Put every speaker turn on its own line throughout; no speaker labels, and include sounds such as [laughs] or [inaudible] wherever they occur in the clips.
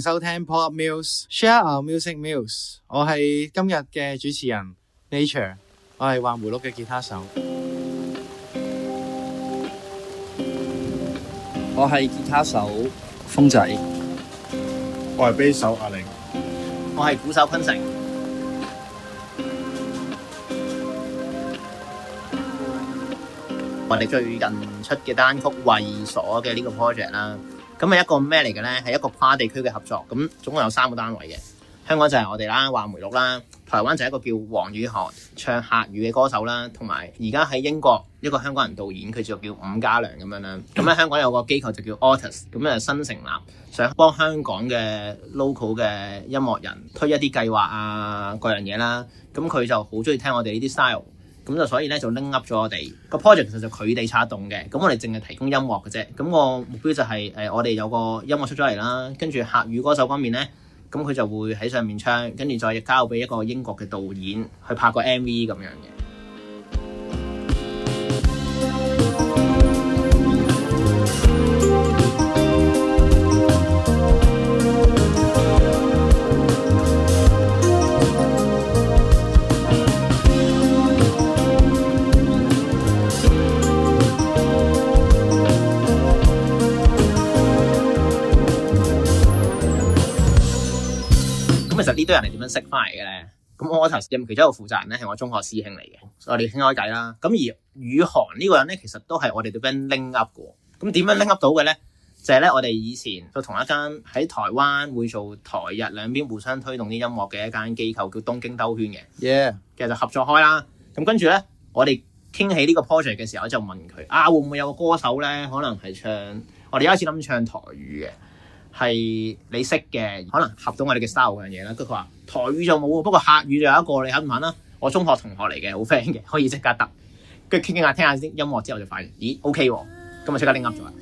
收聽 pop up muse Share Our Music Muse。我係今日嘅主持人 Nature，我係話梅鹿嘅吉他手，
我係吉他手鋒仔，我係貝手阿檸，我係鼓手坤城，
我哋最近出嘅單曲《位所》嘅呢個 project 啦。咁係一個咩嚟嘅咧？係一個跨地區嘅合作。咁總共有三個單位嘅，香港就係我哋啦，話梅鹿啦，台灣就係一個叫黃宇寒唱客語嘅歌手啦，同埋而家喺英國一個香港人導演，佢就叫伍嘉良咁樣啦。咁咧香港有個機構就叫 OCTUS，咁啊新成立，想幫香港嘅 local 嘅音樂人推一啲計劃啊，各樣嘢啦。咁佢就好中意聽我哋呢啲 style。咁就所以咧就拎 up 咗我哋個 project，其實就佢哋策動嘅，咁我哋淨係提供音樂嘅啫。咁個目標就係誒，我哋有個音樂出咗嚟啦，跟住客語歌手方面咧，咁佢就會喺上面唱，跟住再交俾一個英國嘅導演去拍個 MV 咁樣嘅。都人嚟點樣識翻嚟嘅咧？咁我頭先其中一個負責人咧係我中學師兄嚟嘅，我哋傾開偈啦。咁而宇寒呢個人咧，其實都係我哋對面拎 Up 過。咁點樣拎 Up 到嘅咧？就係、是、咧我哋以前就同一間喺台灣會做台日兩邊互相推動啲音樂嘅一間機構叫東京兜圈嘅。y Yeah. 其實就合作開啦。咁跟住咧，我哋傾起呢個 project 嘅時候就問佢：啊，會唔會有個歌手咧？可能係唱我哋一開始諗唱台語嘅。係你識嘅，可能合到我哋嘅 style 樣嘢啦。跟住佢話台語就冇，不過客語就有一個，你肯唔肯啦？我中學同學嚟嘅，好 friend 嘅，可以即刻得。跟住傾傾下，聽下先音樂之後就發現。咦，OK 喎，咁啊即刻 link up 咗啊！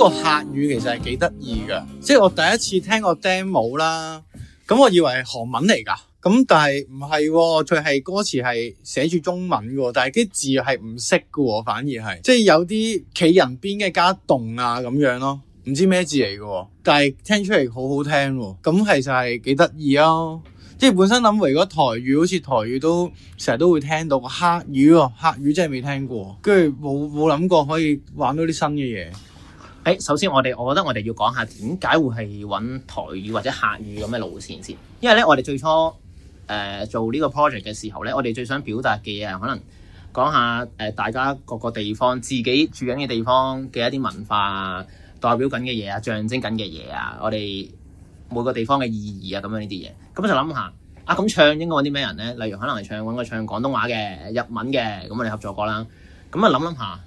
個客語其實係幾得意嘅，即係我第一次聽個 demo 啦。咁我以為係韓文嚟噶，咁但係唔係，佢係歌詞係寫住中文嘅，但係啲字係唔識嘅，反而係即係有啲企人邊嘅加動啊，咁樣咯、哦，唔知咩字嚟嘅，但係聽出嚟好好聽、哦，咁其實係幾得意啊。即係本身諗為咗台語，好似台語都成日都會聽到個客語啊，客語真係未聽過，跟住冇冇諗過可以玩到啲新嘅嘢。誒，首先我哋，我覺得我哋要講下點解會係揾台語或者
客語咁嘅路線先，因為咧、呃，我哋最初誒做呢個 project 嘅時候咧，我哋最想表達嘅嘢，可能講下誒、呃、大家各個地方自己住緊嘅地方嘅一啲文化啊，代表緊嘅嘢啊，象徵緊嘅嘢啊，我哋每個地方嘅意義啊，咁樣呢啲嘢。咁就諗下，啊，咁唱應該揾啲咩人咧？例如可能係唱揾個唱廣東話嘅、日文嘅，咁我哋合作過啦。咁啊，諗諗下。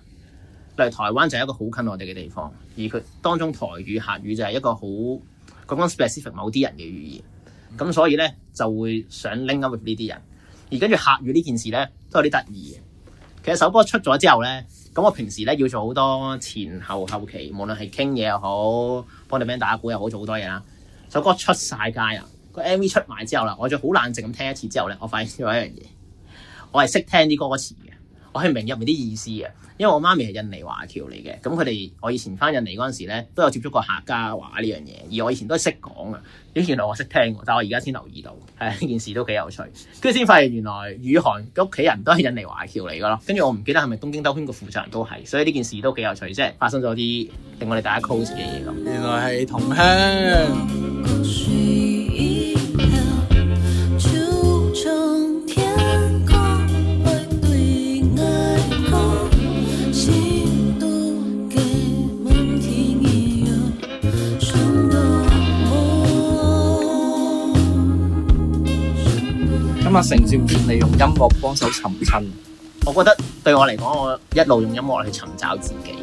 例如台灣就係一個好近我哋嘅地方，而佢當中台語、客語就係一個好講講 specific 某啲人嘅語言，咁、嗯、所以咧就會想拎一入呢啲人，而跟住客語呢件事咧都有啲得意嘅。其實首歌出咗之後咧，咁我平時咧要做好多前後後期，無論係傾嘢又好，幫你 friend 打鼓又好，做好多嘢啦。首歌出晒街啊，個 MV 出埋之後啦，我就好冷靜咁聽一次之後咧，我發現咗一樣嘢，我係識聽啲歌詞。我係明入面啲意思啊，因為我媽咪係印尼華僑嚟嘅，咁佢哋我以前翻印尼嗰陣時咧，都有接觸過客家話呢樣嘢，而我以前都係識講啊，咦原來我識聽，但係我而家先留意到，係呢件事都幾有趣，跟住先發現原來宇寒嘅屋企人都係印尼華僑嚟噶咯，跟住我唔記得係咪東京兜圈嘅負責人都係，所以呢件事都幾有趣，即係發生咗啲令我哋大家 close 嘅嘢咯。
原來係同
鄉。
都滿天今日成唔成？你用音樂
幫手尋親，我覺得對我嚟講，我一路用音樂去尋找自己。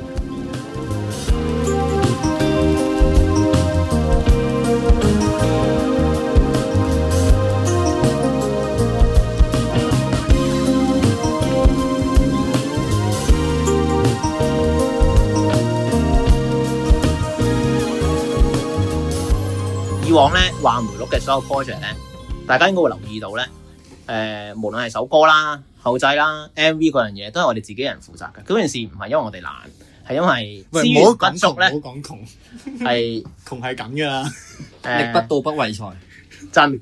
講咧話梅鹿嘅所有 project 咧，大家應該會留意到咧。誒、呃，無論係首歌啦，後製啦，MV 嗰樣嘢，都係我哋自己人負責嘅。件事唔係因為我哋懶，係因為資源不足咧。唔好講窮，係窮係咁噶啦。力不到不為財，真。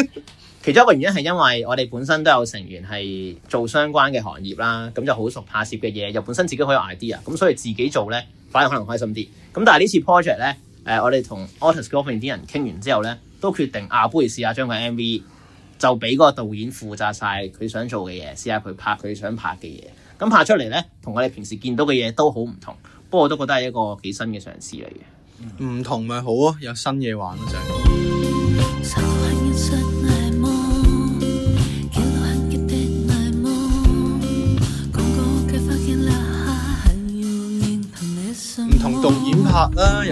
[laughs] 其中一個原因係因為我哋本身都有成員係做相關嘅行業啦，咁就好熟拍攝嘅嘢，又本身自己可以有 idea，咁所以自己做咧，反而可能開心啲。咁但係呢次 project 咧。誒、呃，我哋同 OCTUS Griffin 啲人傾完之後咧，都決定啊不如試下將個 MV 就俾嗰個導演負責晒佢想做嘅嘢，試下佢拍佢想拍嘅嘢。咁拍出嚟咧，同我哋平時見到嘅嘢都好唔同。
不過我都覺得係一個幾新嘅嘗試嚟嘅。唔、嗯、同咪好啊，有新嘢玩咯，就係。唔同
導
演拍啦，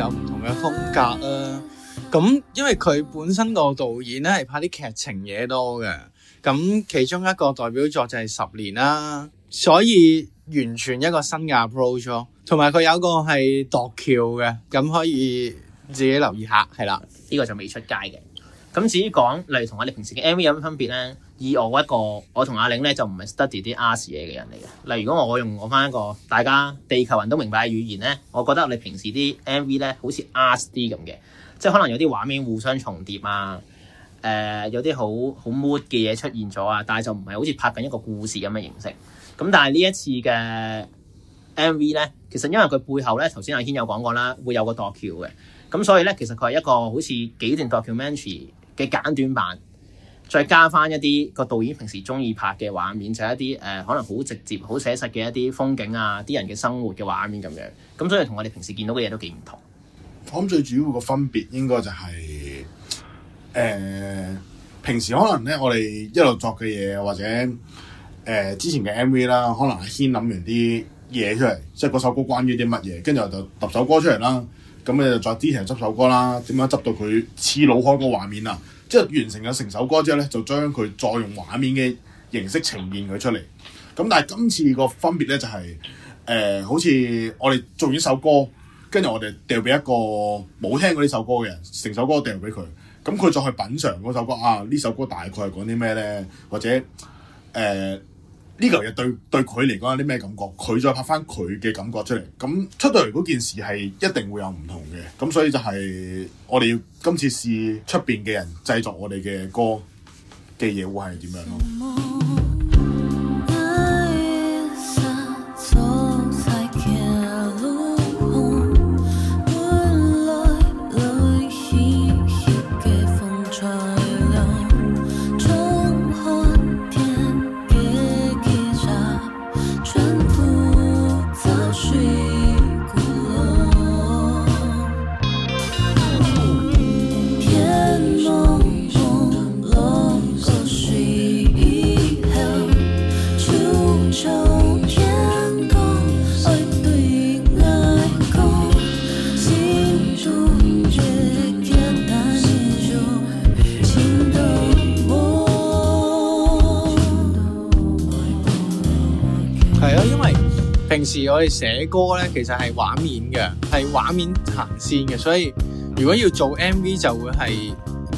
風格啦、啊，咁因為佢本身個導演咧係拍啲劇情嘢多嘅，咁其中一個代表作就係十年啦，所以完全一個新嘅 approach 咯，同埋佢有，有一個係度橋嘅，咁可以自己留意下，係啦，呢個就未出
街嘅，咁至於講，例如同我哋平時嘅 MV 有咩分別咧？以我一個，我同阿檸咧就唔係 study 啲 art 嘢嘅人嚟嘅。例如，如果我用我翻一個大家地球人都明白嘅語言咧，我覺得你平時啲 MV 咧好似 arts 啲咁嘅，即係可能有啲畫面互相重疊啊，誒、呃，有啲好好 mood 嘅嘢出現咗啊，但係就唔係好似拍緊一個故事咁嘅形式。咁但係呢一次嘅 MV 咧，其實因為佢背後咧，頭先阿軒有講過啦，會有個 docu 嘅，咁所以咧，其實佢係一個好似幾段 documentary 嘅簡短版。再加翻一啲個導演平時中意拍嘅畫面，就是、一啲誒、呃、可能好直接、好寫實嘅一啲風景啊、啲人嘅生活嘅畫面咁樣。
咁所以同我哋平時見到嘅嘢都幾唔同。我諗最主要個分別應該就係、是、誒、呃、平時可能咧，我哋一路作嘅嘢或者誒、呃、之前嘅 MV 啦，可能先諗完啲嘢出嚟，即係嗰首歌關於啲乜嘢，跟住就揼首歌出嚟啦。咁你就再之前執首歌啦，點樣執到佢黐佬開個畫面啊？即係完成咗成首歌之後咧，就將佢再用畫面嘅形式呈現佢出嚟。咁但係今次個分別咧就係、是，誒、呃，好似我哋做完首歌，跟住我哋掉俾一個冇聽過呢首歌嘅人，成首歌掉俾佢，咁佢再去品嘗嗰首歌啊，呢首歌大概係講啲咩咧，或者誒。呃呢個嘢對對佢嚟講有啲咩感覺？佢再拍返佢嘅感覺出嚟，咁出到嚟嗰件事係一定會有唔同嘅。咁所以就係我哋要今次試出面嘅人製作我哋嘅歌嘅嘢會係點樣咯？
我哋寫歌咧，其實係畫面嘅，係畫面行線嘅，所以如果要做 MV 就會係誒、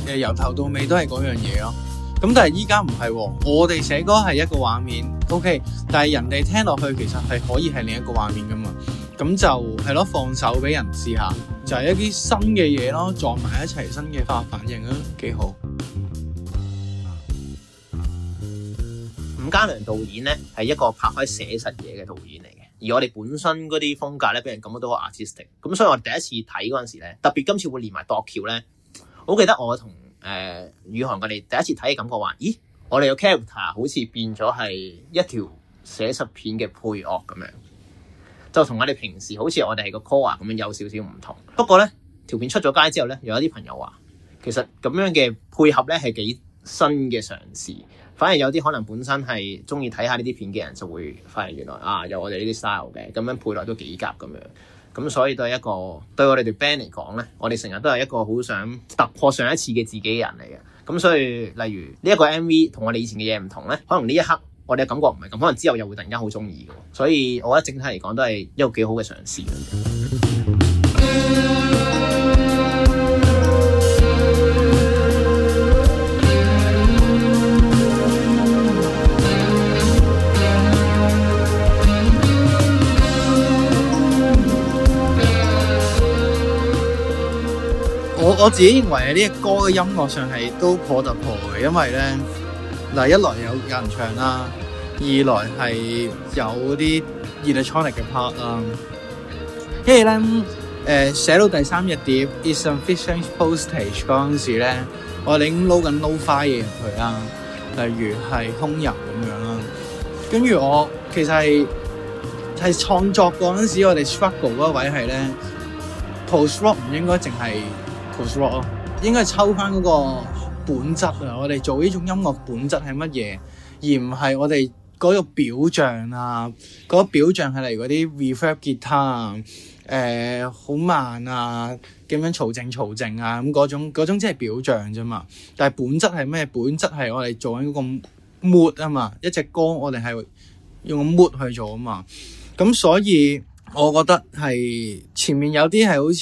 呃、由頭到尾都係嗰樣嘢咯。咁但係依家唔係，我哋寫歌係一個畫面，O K。Okay，但係人哋聽落去其實係可以係另一個畫面噶嘛。咁就係咯，放手俾人試下，就係、是、一啲新嘅嘢咯，撞埋一齊新嘅化學反應咯，幾好。伍嘉
良導演咧係一個拍開寫實嘢嘅導演嚟。而我哋本身嗰啲風格咧，俾人感覺到好 artistic，咁所以我第一次睇嗰陣時咧，特別今次會連埋度橋咧，好記得我同誒、呃、宇航佢哋第一次睇嘅感覺話，咦，我哋個 character 好似變咗係一條寫實片嘅配樂咁樣，就同我哋平時好似我哋係個 core 咁樣有少少唔同。不過咧，條片出咗街之後咧，有一啲朋友話，其實咁樣嘅配合咧係幾新嘅嘗試。反而有啲可能本身係中意睇下呢啲片嘅人，就會發現原來啊，有我哋呢啲 style 嘅，咁樣配落都幾夾咁樣。咁所以都係一個對我哋隊 band 嚟講呢，我哋成日都係一個好想突破上一次嘅自己嘅人嚟嘅，咁所以例如呢一個 MV 同我哋以前嘅嘢唔同呢，可能呢一刻我哋嘅感覺唔係咁，可能之後又會突然間好中意嘅，所以我覺得整體嚟講都係一個幾好嘅嘗試。
我自己認為呢個歌嘅音樂上係都頗特別嘅，因為咧嗱，一來有有人唱啦，二來係有啲 electronic 嘅 part 啦。因為咧誒寫到第三日碟《Insufficient Postage》嗰陣時咧，我哋已撈緊撈 lo-fi 嘢入去啦，例如係空郵咁樣啦。跟住我其實係係創作嗰陣時我，我哋 Struggle 嗰位係咧，Post Rock 唔應該淨係。應該係抽翻嗰個本質啊！我哋做呢種音樂本質係乜嘢，而唔係我哋嗰個表象啊，嗰個表象係嚟嗰啲 reverb 吉他啊，誒好慢啊，點樣嘈靜嘈靜啊，咁嗰種嗰種即係表象啫嘛。但係本質係咩？本質係我哋做緊嗰個 mood 啊嘛，一隻歌我哋係用 mood 去做啊嘛。咁所以我覺得係前面有啲係好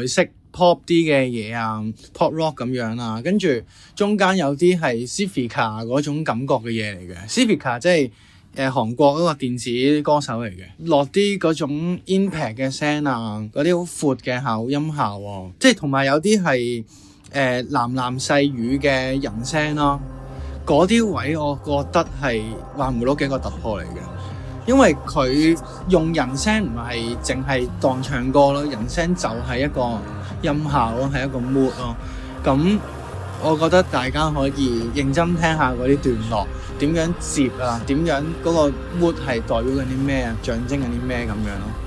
似台式。pop 啲嘅嘢啊，pop rock 咁樣啊，跟住中間有啲係 Cifika 嗰種感覺嘅嘢嚟嘅，Cifika 即係誒韓國一個電子歌手嚟嘅，落啲嗰種 impact 嘅聲啊，嗰啲好闊嘅口音效喎，即係同埋有啲係誒喃喃細語嘅人聲咯，嗰啲位我覺得係話梅鹿嘅一個突破嚟嘅，因為佢用人聲唔係淨係當唱歌咯，人聲就係一個。音效咯、啊，係一個 mood 咯、啊，咁、嗯、我覺得大家可以認真聽下嗰啲段落，點樣接啊，點樣嗰個 mood 係代表緊啲咩，樣啊？象徵緊啲咩咁樣咯。